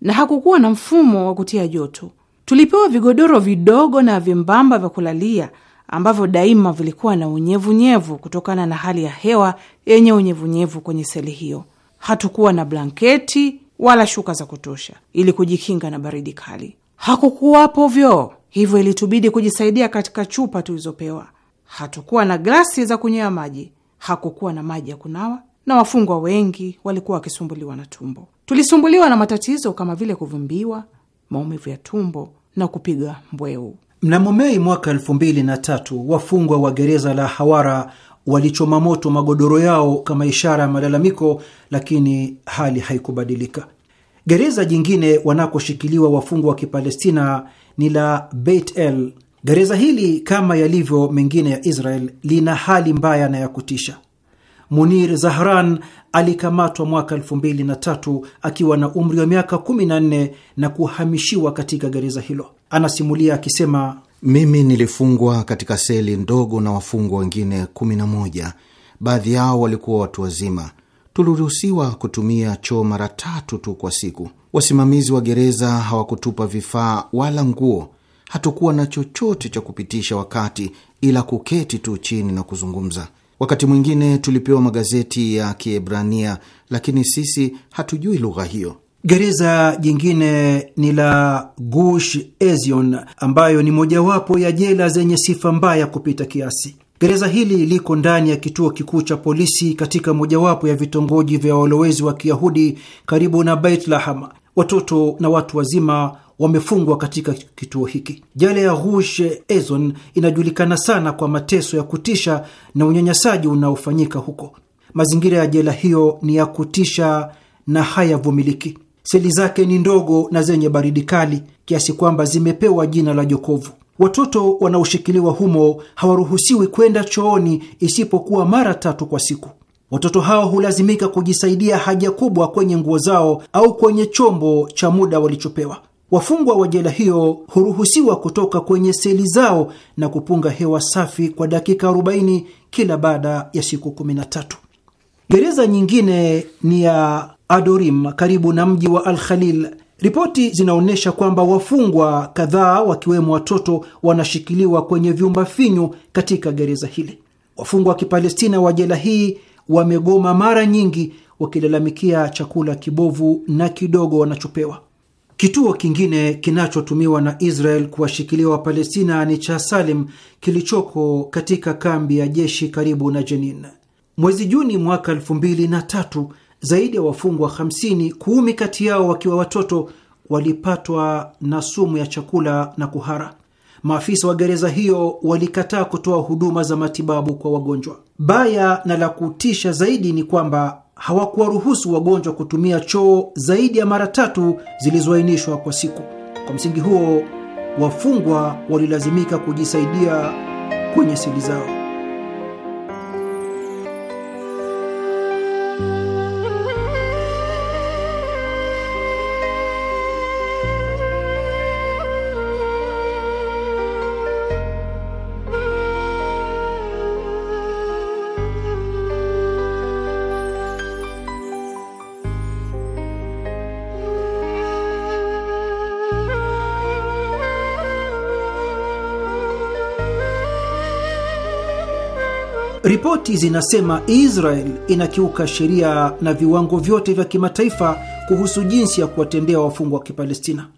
na hakukuwa na mfumo wa kutia joto. Tulipewa vigodoro vidogo na vyembamba vya kulalia ambavyo daima vilikuwa na unyevunyevu kutokana na hali ya hewa yenye unyevunyevu kwenye seli hiyo. Hatukuwa na blanketi wala shuka za kutosha ili kujikinga na baridi kali. Hakukuwapo vyoo, hivyo ilitubidi kujisaidia katika chupa tulizopewa. Hatukuwa na glasi za kunywea maji, hakukuwa na maji ya kunawa, na wafungwa wengi walikuwa wakisumbuliwa na tumbo. Tulisumbuliwa na matatizo kama vile kuvimbiwa, maumivu ya tumbo na kupiga mbweu. Mnamo Mei mwaka tatu, wafungwa wa gereza la Hawara walichoma moto magodoro yao kama ishara ya malalamiko, lakini hali haikubadilika. Gereza jingine wanakoshikiliwa wafungwa wa Kipalestina ni la Beit El. Gereza hili kama yalivyo mengine ya Israel lina hali mbaya na ya kutisha. Munir Zahran alikamatwa mwaka tatu akiwa na umri wa miaka 14 na kuhamishiwa katika gereza hilo anasimulia akisema, mimi nilifungwa katika seli ndogo na wafungwa wengine kumi na moja. Baadhi yao walikuwa watu wazima. Tuliruhusiwa kutumia choo mara tatu tu kwa siku. Wasimamizi wa gereza hawakutupa vifaa wala nguo. Hatukuwa na chochote cha kupitisha wakati ila kuketi tu chini na kuzungumza. Wakati mwingine tulipewa magazeti ya Kiebrania, lakini sisi hatujui lugha hiyo. Gereza jingine ni la Gush Ezion ambayo ni mojawapo ya jela zenye sifa mbaya kupita kiasi. Gereza hili liko ndani ya kituo kikuu cha polisi katika mojawapo ya vitongoji vya walowezi wa Kiyahudi karibu na Beit Watoto na watu wazima wamefungwa katika kituo hiki. Jela ya Gush Ezion inajulikana sana kwa mateso ya kutisha na unyanyasaji unaofanyika huko. Mazingira ya jela hiyo ni ya kutisha na hayavumiliki. Seli zake ni ndogo na zenye baridi kali kiasi kwamba zimepewa jina la jokovu. Watoto wanaoshikiliwa humo hawaruhusiwi kwenda chooni isipokuwa mara tatu kwa siku. Watoto hao hulazimika kujisaidia haja kubwa kwenye nguo zao au kwenye chombo cha muda walichopewa. Wafungwa wa jela hiyo huruhusiwa kutoka kwenye seli zao na kupunga hewa safi kwa dakika 40 kila baada ya siku 13. Gereza nyingine ni ya Adorim karibu na mji wa Al-Khalil. Ripoti zinaonyesha kwamba wafungwa kadhaa wakiwemo watoto wanashikiliwa kwenye vyumba finyu katika gereza hili. Wafungwa wa Kipalestina wa jela hii wamegoma mara nyingi wakilalamikia chakula kibovu na kidogo wanachopewa. Kituo kingine kinachotumiwa na Israel kuwashikilia Wapalestina ni cha Salim kilichoko katika kambi ya jeshi karibu na Jenin. Mwezi Juni mwaka elfu mbili na tatu zaidi ya wafungwa 50, kumi kati yao wakiwa watoto, walipatwa na sumu ya chakula na kuhara. Maafisa wa gereza hiyo walikataa kutoa huduma za matibabu kwa wagonjwa. Baya na la kutisha zaidi ni kwamba hawakuwaruhusu wagonjwa kutumia choo zaidi ya mara tatu zilizoainishwa kwa siku. Kwa msingi huo, wafungwa walilazimika kujisaidia kwenye seli zao. Ripoti zinasema Israel inakiuka sheria na viwango vyote vya kimataifa kuhusu jinsi ya kuwatendea wafungwa wa Kipalestina.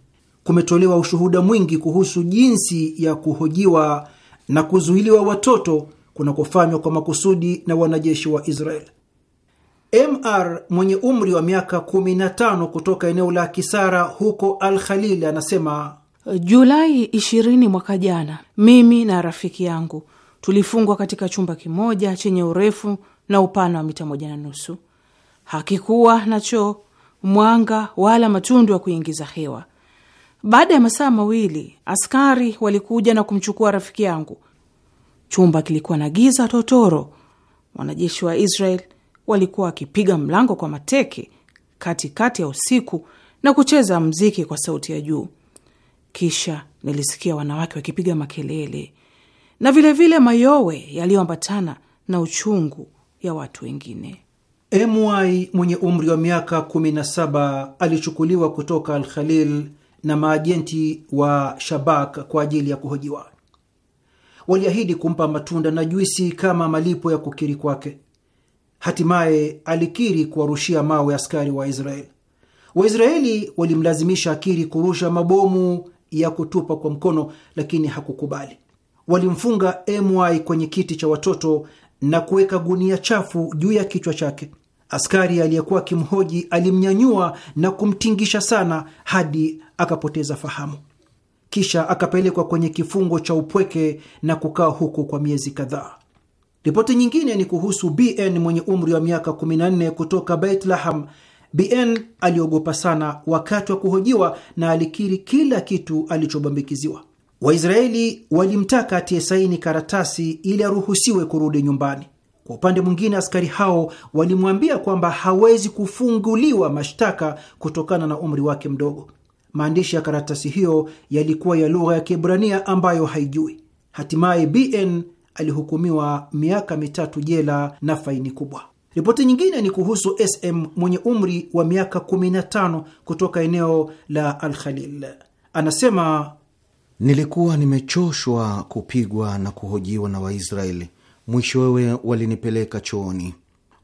Kumetolewa ushuhuda mwingi kuhusu jinsi ya kuhojiwa na kuzuiliwa watoto kunakofanywa kwa makusudi na wanajeshi wa Israel. Mr mwenye umri wa miaka 15 kutoka eneo la Kisara huko Al Khalil anasema Julai 20 mwaka jana, mimi na rafiki yangu Tulifungwa katika chumba kimoja chenye urefu na upana wa mita moja na nusu. Hakikuwa na choo, mwanga wala matundu ya kuingiza hewa. Baada ya masaa mawili, askari walikuja na kumchukua rafiki yangu. Chumba kilikuwa na giza totoro. Wanajeshi wa Israel walikuwa wakipiga mlango kwa mateke katikati kati ya usiku na kucheza mziki kwa sauti ya juu. Kisha nilisikia wanawake wakipiga makelele, na vilevile vile mayowe yaliyoambatana na uchungu ya watu wengine. Mi mwenye umri wa miaka 17 alichukuliwa kutoka Al-Khalil na maajenti wa Shabak kwa ajili ya kuhojiwa. Waliahidi kumpa matunda na juisi kama malipo ya kukiri kwake. Hatimaye alikiri kuwarushia mawe askari wa Israeli. Waisraeli walimlazimisha akiri kurusha mabomu ya kutupa kwa mkono, lakini hakukubali walimfunga My kwenye kiti cha watoto na kuweka gunia chafu juu ya kichwa chake. Askari aliyekuwa akimhoji alimnyanyua na kumtingisha sana hadi akapoteza fahamu, kisha akapelekwa kwenye kifungo cha upweke na kukaa huko kwa miezi kadhaa. Ripoti nyingine ni kuhusu Bn mwenye umri wa miaka 14 kutoka Bethlehem. Bn aliogopa sana wakati wa kuhojiwa na alikiri kila kitu alichobambikiziwa. Waisraeli walimtaka atie saini karatasi ili aruhusiwe kurudi nyumbani. Kwa upande mwingine, askari hao walimwambia kwamba hawezi kufunguliwa mashtaka kutokana na umri wake mdogo. Maandishi ya karatasi hiyo yalikuwa ya lugha ya Kiebrania ambayo haijui. Hatimaye BN alihukumiwa miaka mitatu jela na faini kubwa. Ripoti nyingine ni kuhusu SM mwenye umri wa miaka 15 kutoka eneo la Al Khalil. Anasema Nilikuwa nimechoshwa kupigwa na kuhojiwa na Waisraeli, mwishowe walinipeleka chooni.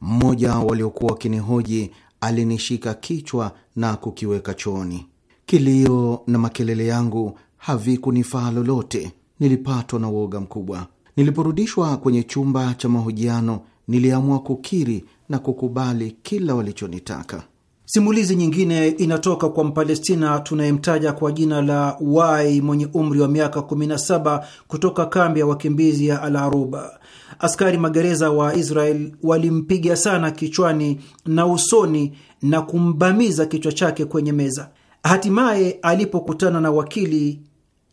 Mmoja waliokuwa wakinihoji alinishika kichwa na kukiweka chooni. Kilio na makelele yangu havikunifaa lolote, nilipatwa na uoga mkubwa. Niliporudishwa kwenye chumba cha mahojiano, niliamua kukiri na kukubali kila walichonitaka. Simulizi nyingine inatoka kwa Mpalestina tunayemtaja kwa jina la Wai mwenye umri wa miaka 17 kutoka kambi ya wakimbizi ya Al Aruba. Askari magereza wa Israel walimpiga sana kichwani na usoni na kumbamiza kichwa chake kwenye meza. Hatimaye alipokutana na wakili,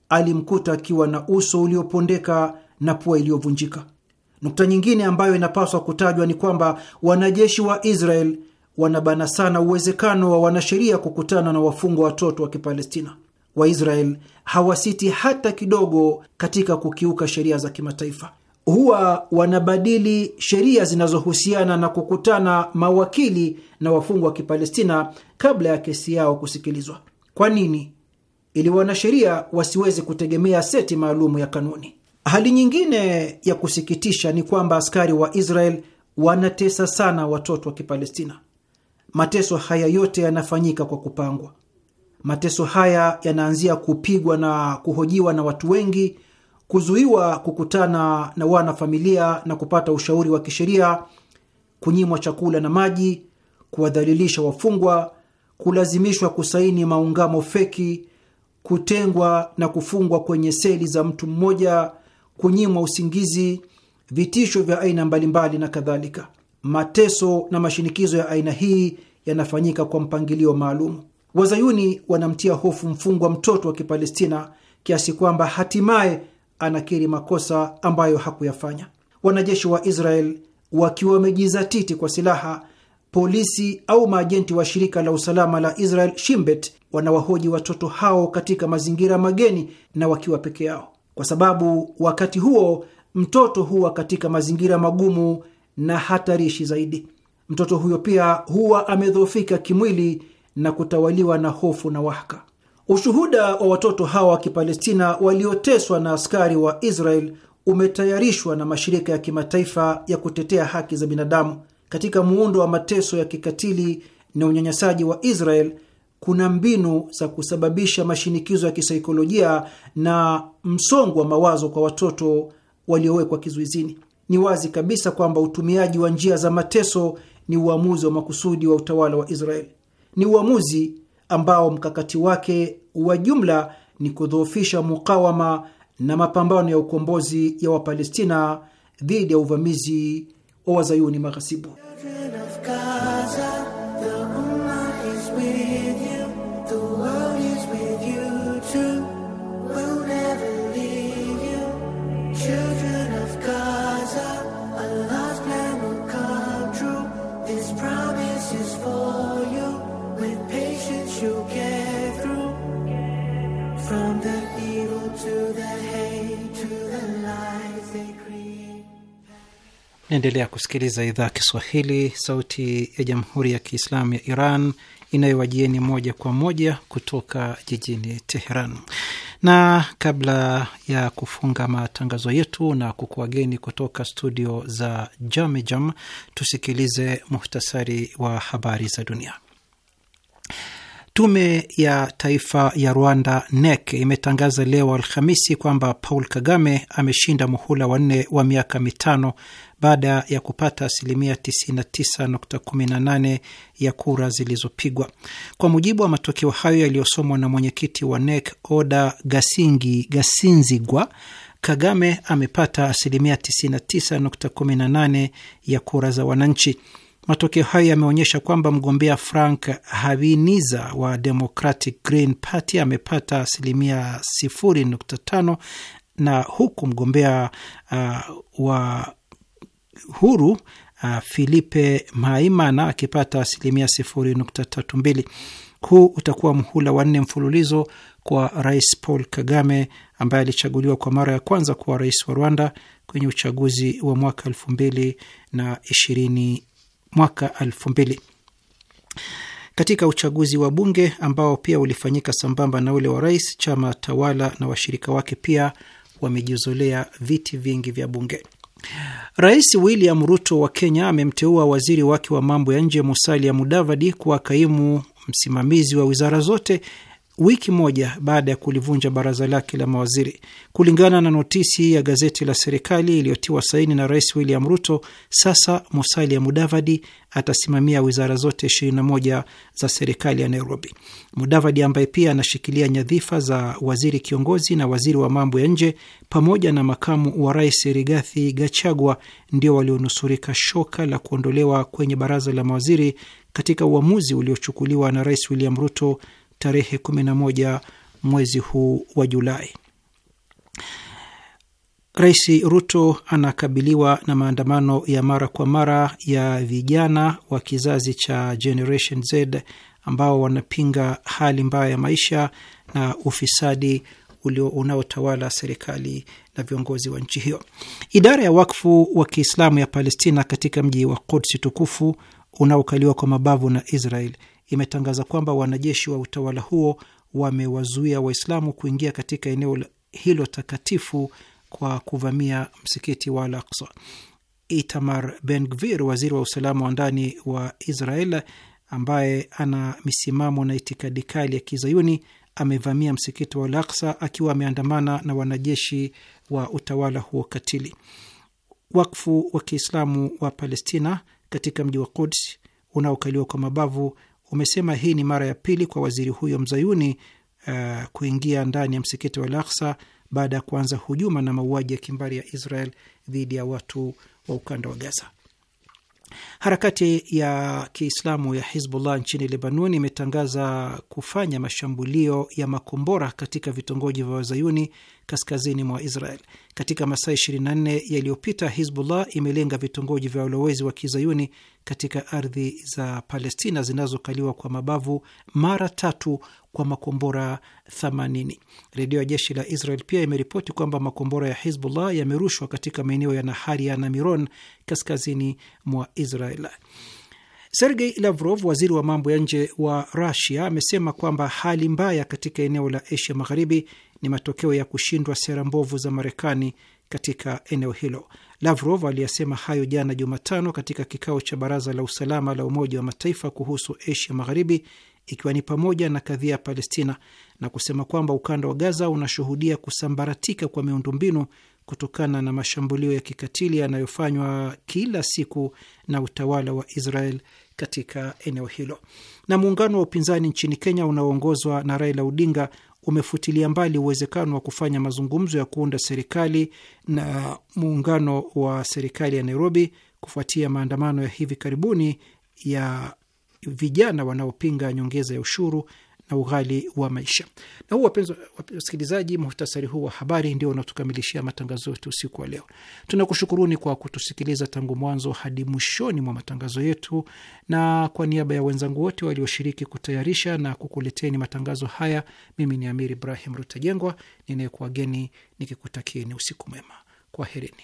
alimkuta akiwa na uso uliopondeka na pua iliyovunjika. Nukta nyingine ambayo inapaswa kutajwa ni kwamba wanajeshi wa Israel wanabana sana uwezekano wa wanasheria kukutana na wafungwa watoto wa Kipalestina. Waisrael hawasiti hata kidogo katika kukiuka sheria za kimataifa. Huwa wanabadili sheria zinazohusiana na kukutana mawakili na wafungwa wa Kipalestina kabla ya kesi yao kusikilizwa. Kwa nini? Ili wanasheria wasiweze kutegemea seti maalumu ya kanuni. Hali nyingine ya kusikitisha ni kwamba askari wa Israel wanatesa sana watoto wa Kipalestina. Mateso haya yote yanafanyika kwa kupangwa. Mateso haya yanaanzia kupigwa na kuhojiwa na watu wengi, kuzuiwa kukutana na wanafamilia na kupata ushauri wa kisheria, kunyimwa chakula na maji, kuwadhalilisha wafungwa, kulazimishwa kusaini maungamo feki, kutengwa na kufungwa kwenye seli za mtu mmoja, kunyimwa usingizi, vitisho vya aina mbalimbali na kadhalika mateso na mashinikizo ya aina hii yanafanyika kwa mpangilio maalum. Wazayuni wanamtia hofu mfungwa mtoto wa Kipalestina kiasi kwamba hatimaye anakiri makosa ambayo hakuyafanya. Wanajeshi wa Israel wakiwa wamejizatiti kwa silaha, polisi au maajenti wa shirika la usalama la Israel Shimbet wanawahoji watoto hao katika mazingira mageni na wakiwa peke yao, kwa sababu wakati huo mtoto huwa katika mazingira magumu na hatarishi zaidi. Mtoto huyo pia huwa amedhoofika kimwili na kutawaliwa na hofu na wahaka. Ushuhuda wa watoto hawa wa Kipalestina walioteswa na askari wa Israel umetayarishwa na mashirika ya kimataifa ya kutetea haki za binadamu. Katika muundo wa mateso ya kikatili na unyanyasaji wa Israel kuna mbinu za kusababisha mashinikizo ya kisaikolojia na msongo wa mawazo kwa watoto waliowekwa kizuizini. Ni wazi kabisa kwamba utumiaji wa njia za mateso ni uamuzi wa makusudi wa utawala wa israel Ni uamuzi ambao mkakati wake wa jumla ni kudhoofisha mukawama na mapambano ya ukombozi ya Wapalestina dhidi ya uvamizi wa wazayuni maghasibu. Naendelea kusikiliza idhaa Kiswahili sauti ya jamhuri ya Kiislamu ya Iran inayowajieni moja kwa moja kutoka jijini Teheran. Na kabla ya kufunga matangazo yetu na kukuwageni kutoka studio za Jamejam, tusikilize muhtasari wa habari za dunia. Tume ya Taifa ya Rwanda NEC imetangaza leo Alhamisi kwamba Paul Kagame ameshinda muhula wanne wa miaka mitano baada ya kupata asilimia 99.18 ya kura zilizopigwa. Kwa mujibu wa matokeo hayo yaliyosomwa na mwenyekiti wa NEC Oda Gasingi Gasinzigwa, Kagame amepata asilimia 99.18 ya kura za wananchi. Matokeo hayo yameonyesha kwamba mgombea Frank haviniza wa Democratic Green Party amepata asilimia 0.5 na huku mgombea uh, wa huru Uh, Filipe Maimana akipata asilimia 0.32. Huu utakuwa mhula wa nne mfululizo kwa Rais Paul Kagame ambaye alichaguliwa kwa mara ya kwanza kuwa rais wa Rwanda kwenye uchaguzi wa mwaka 2020 mwaka mbili. Katika uchaguzi wa bunge ambao pia ulifanyika sambamba na ule wa rais, chama tawala na washirika wake pia wamejizolea viti vingi vya bunge. Rais William Ruto wa Kenya amemteua waziri wake wa mambo ya nje Musalia Mudavadi kuwa kaimu msimamizi wa wizara zote wiki moja baada ya kulivunja baraza lake la mawaziri. Kulingana na notisi ya gazeti la serikali iliyotiwa saini na Rais William Ruto, sasa Musalia Mudavadi atasimamia wizara zote 21 za serikali ya Nairobi. Mudavadi ambaye pia anashikilia nyadhifa za waziri kiongozi na waziri wa mambo ya nje pamoja na makamu wa rais Rigathi Gachagua ndio walionusurika shoka la kuondolewa kwenye baraza la mawaziri katika uamuzi uliochukuliwa na Rais William Ruto tarehe 11 mwezi huu wa Julai. Rais Ruto anakabiliwa na maandamano ya mara kwa mara ya vijana wa kizazi cha Generation Z ambao wanapinga hali mbaya ya maisha na ufisadi ulio unaotawala serikali na viongozi wa nchi hiyo. Idara ya wakfu wa Kiislamu ya Palestina katika mji wa Kudsi tukufu unaokaliwa kwa mabavu na Israel imetangaza kwamba wanajeshi wa utawala huo wamewazuia Waislamu kuingia katika eneo hilo takatifu kwa kuvamia msikiti wa Al Aksa. Itamar Ben Gvir, waziri wa usalama wa ndani wa Israel ambaye ana misimamo na itikadi kali ya Kizayuni, amevamia msikiti wa Al Aksa akiwa ameandamana na wanajeshi wa utawala huo katili. Wakfu wa Kiislamu wa Palestina katika mji wa Kuds unaokaliwa kwa mabavu umesema hii ni mara ya pili kwa waziri huyo mzayuni uh, kuingia ndani ya msikiti wa Al-Aqsa baada ya kuanza hujuma na mauaji ya kimbari ya Israel dhidi ya watu wa ukanda wa Gaza. Harakati ya Kiislamu ya Hizbullah nchini Lebanon imetangaza kufanya mashambulio ya makombora katika vitongoji vya Wazayuni kaskazini mwa Israel. Katika masaa 24 yaliyopita, Hizbullah imelenga vitongoji vya walowezi wa kizayuni katika ardhi za Palestina zinazokaliwa kwa mabavu mara tatu kwa makombora 80. Redio ya jeshi la Israel pia imeripoti kwamba makombora ya Hizbullah yamerushwa katika maeneo ya Naharia na Miron kaskazini mwa Israel. Sergei Lavrov, waziri wa mambo ya nje wa Rusia, amesema kwamba hali mbaya katika eneo la Asia Magharibi ni matokeo ya kushindwa sera mbovu za Marekani katika eneo hilo. Lavrov aliyasema hayo jana Jumatano katika kikao cha Baraza la Usalama la Umoja wa Mataifa kuhusu Asia Magharibi, ikiwa ni pamoja na kadhia ya Palestina, na kusema kwamba ukanda wa Gaza unashuhudia kusambaratika kwa miundombinu kutokana na mashambulio ya kikatili yanayofanywa kila siku na utawala wa Israel katika eneo hilo. Na muungano wa upinzani nchini Kenya unaoongozwa na Raila Odinga umefutilia mbali uwezekano wa kufanya mazungumzo ya kuunda serikali na muungano wa serikali ya Nairobi kufuatia maandamano ya hivi karibuni ya vijana wanaopinga nyongeza ya ushuru na ughali wa maisha. Na huu, wapenzi wasikilizaji, muhtasari huu wa habari ndio unatukamilishia matangazo yetu usiku wa leo. Tunakushukuruni kwa kutusikiliza tangu mwanzo hadi mwishoni mwa matangazo yetu, na kwa niaba ya wenzangu wote walioshiriki kutayarisha na kukuleteni matangazo haya, mimi ni Amir Ibrahim Rutajengwa ninayekuwageni nikikutakieni usiku mwema. Kwaherini.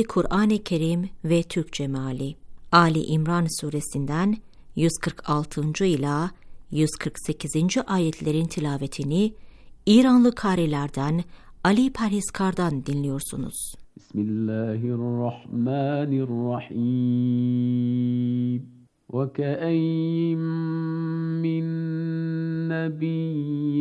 Meali Kur'an-ı Kerim ve Türkçe Meali Ali İmran suresinden 146. ila 148. ayetlerin tilavetini İranlı karilerden Ali Perhiskar'dan dinliyorsunuz. Bismillahirrahmanirrahim. وكأين من نبي